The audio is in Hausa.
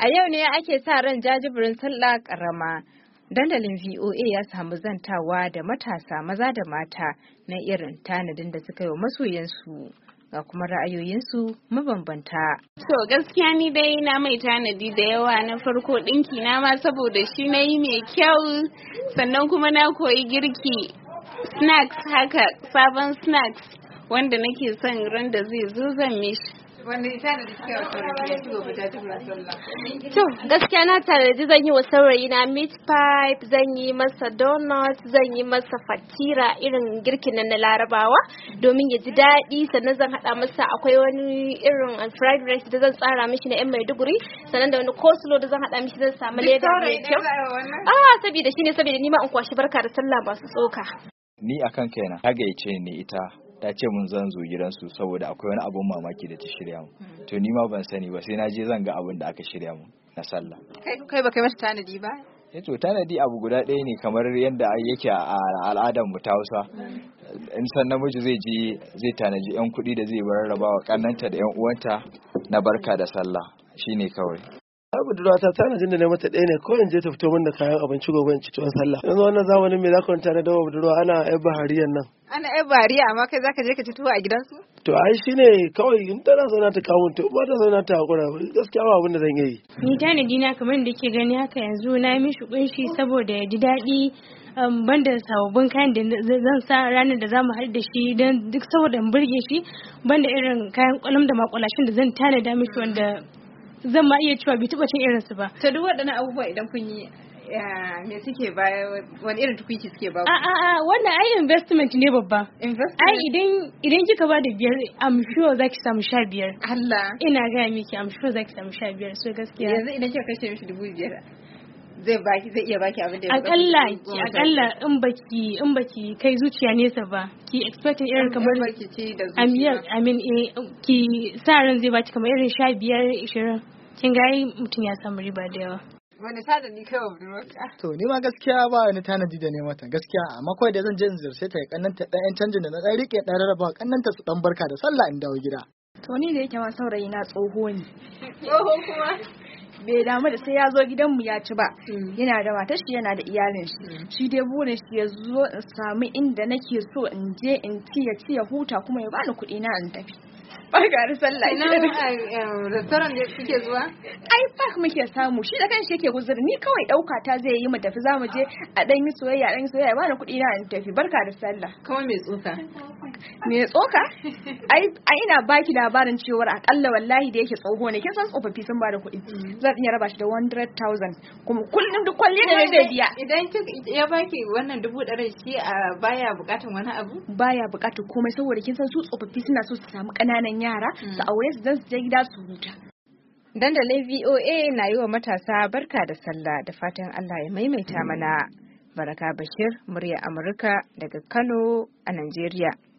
A yau ne ake sa ran jajibirin sallah ƙarama. Dandalin VOA ya samu zantawa da matasa maza da mata na irin tanadin da suka yi wa masoyansu. ga kuma ra'ayoyinsu mabambanta. So gaskiya ni dai na mai tanadi da yawa na farko ɗinki na ma saboda shi na yi mai kyau sannan kuma na koyi girki snacks haka sabon snacks wanda nake son ran da zai zo zan mishi. To gaskiya na da zan yi wa saurayi na meat pipe zan yi masa donut zan yi masa fatira irin girkin nan na larabawa domin ya ji daɗi sannan zan haɗa masa akwai wani irin fried rice da zan tsara mishi na 'yan maiduguri sannan da wani coleslaw da zan haɗa mishi zan samu leda mai kyau. Ah saboda shine saboda nima in kwashi barka da sallah masu tsoka. Ni akan kaina, hagaice ni ita ta ce mun zan zo gidansu saboda akwai wani abun mamaki da ta shirya mu hmm. to ni ma ban sani ba sai na je zan ga abun da aka shirya mu na sallah kai kai ba kai tanadi ba eh to tanadi abu guda ɗaya ne kamar yadda yake a al'adar mu ta Hausa hmm. in san namiji zai je zai tanaji yan kuɗi da zai bar rabawa kannanta da yan uwanta na barka da sallah shine kawai ta budurwata jin da na mata ɗaya ne ko in je ta fito min da kayan abinci gobe in ci tuwon sallah yanzu wannan zamanin me za ta na dawa budurwa ana yan bahariyan nan ana yan bahariya amma kai zaka je ka ci tuwo a gidansu to ai shine kawai in tana zauna ta kawo to ba ta zauna ta hakura gaskiya ba abin da zan yi ni tanadi na kamar da ke gani haka yanzu na mishi kunshi saboda ya ji daɗi um, banda sababbin kayan da zan sa ranar da zamu haɗu da shi don duk saboda in burge shi banda irin kayan kwalam da makwalashin da zan da mishi wanda zan ma iya cewa bai taɓa cin su ba. To duk waɗannan abubuwa idan kun yi me suke ba wani irin tukuici suke ba a a a wannan ai investment ne babba ai idan idan kika ba da biyar am sure zaki samu sha biyar Allah ina ga miki am sure zaki samu sha biyar so gaskiya yanzu idan kika kashe mishi dubu biyar zai baki zai iya baki abin da ya akalla ki akalla in baki in baki kai zuciya nesa ba ki expect irin kamar amiyar amin eh ki sa ran zai baki kamar irin 15 20 kin ga mutum ya samu riba da yawa wani ni kai wa budurwarka to ni ma gaskiya ba wani tanadi da ne mata gaskiya amma kawai da zan je in sai ta yi kannanta dan yan canjin da na dan rike dan rarraba kannanta su dan barka da sallah in dawo gida to ni da yake ma saurayi na tsoho ne tsoho kuma bai damu da sai ya zo gidanmu ya ci ba mm. yana da matar shi yana da iyalin shi mm. shi dai burin shi ya zo in samu inda nake so in je in ci ya ci ya huta kuma ya bani kuɗi na in tafi barka da sallah nan eh, eh, restaurant da kuke zuwa ai park muke samu shi da kanshi yake guzur ni kawai dauka ta zai yi mu tafi zamu je a dan yi soyayya dan yi soyayya ba kuɗi na in tafi barka da sallah kawai mai tsoka me tsoka ai ina baki labarin cewar akalla wallahi da yake tsoho ne kin san tsofaffi sun bada kuɗi mm-hmm. zan iya raba shi da 100,000 kuma kullum duk kwalli da zai biya idan ya baki wannan dubu ɗari shi a baya bukatan wani abu baya bukatan komai saboda kin san su tsofaffi suna so su samu ƙananan ƙananan yara mm. su aure su su je gida su huta dandalin VOA na yi wa matasa barka da sallah da fatan Allah ya maimaita mana baraka bashir murya Amurka daga Kano a Najeriya